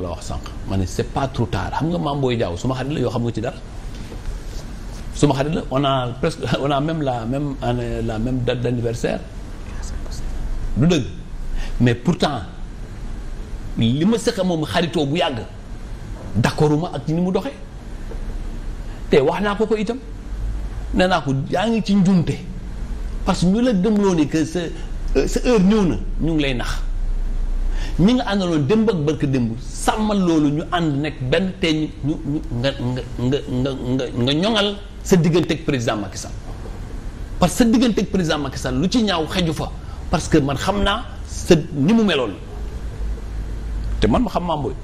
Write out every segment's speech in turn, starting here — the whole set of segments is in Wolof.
la wax sànq ma ne c'est pas trop tard xam nga maam booy jaaw suma xarit la yoo xam nga ci dara suma xarit la on a presque on a même la même année la même date d'anniversaire du dëgg mais pourtant li ma sëqa moom xaritoo bu yàgg d'accorduma ak ni mu doxee te wax naa ko ko itam nee naa ko yaa ngi ci njuumte parce que ñu la gëmloo ni que sa sa heure ñëw na ñu ngi lay nax ñi nga àndaloon démb ak barka démb sàmmal loolu ñu ànd nekk benn te ñu ñu nga nga nga nga nga nga ñoŋal sa diggante ak président Macky Sall parce que sa diggante ak président Macky Sall lu ci ñaaw xeju fa parce que man xam naa sa ni mu meloon te man ma xam Mame Boye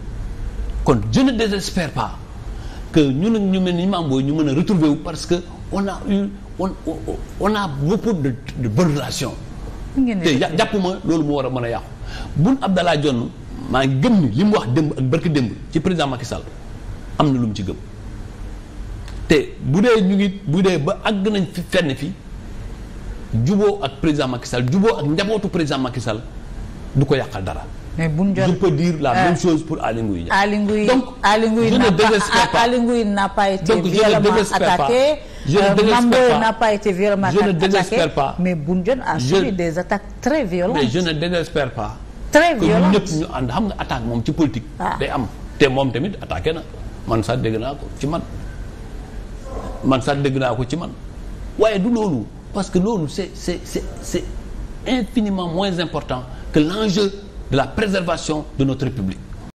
kon je ne désespère pas que ñun ak ñu mel ni Mame Boye ñu mën a retrouver wu parce que on a eu on on a beaucoup de de bonnes relations. te jàppuma loolu mu war a mën a yàqu. ab Abdallah Dionne maa ngi gëm ni li mu wax démb ak barki démb ci président Macky Sall am na lu mu ci gëm te bu dee ñu ngi bu dee ba àgg nañ fi fenn fi juboo ak président Macky Sall juboo ak njabootu président Macky Sall du ko yàqal dara. mais Boun Dionne je peux dire la euh, même chose pour Aly Ngouille Ndiaye. donc Aly Ngouille n'a pas je ne euh, désespère pas n'a pas été violemment je ne désespère pas mais Boun a subi des attaques très violentes mais je ne désespère pas. très violentes que ñëpp ñu ànd xam nga attaque moom ci politique. Ah. day am te moom tamit attaqué na man sax dégg naa ko ci man man sax dégg naa ko ci man waaye du loolu parce que loolu c'est c'est c'est c'est infiniment moins important que l'enjeu de la préservation de notre République.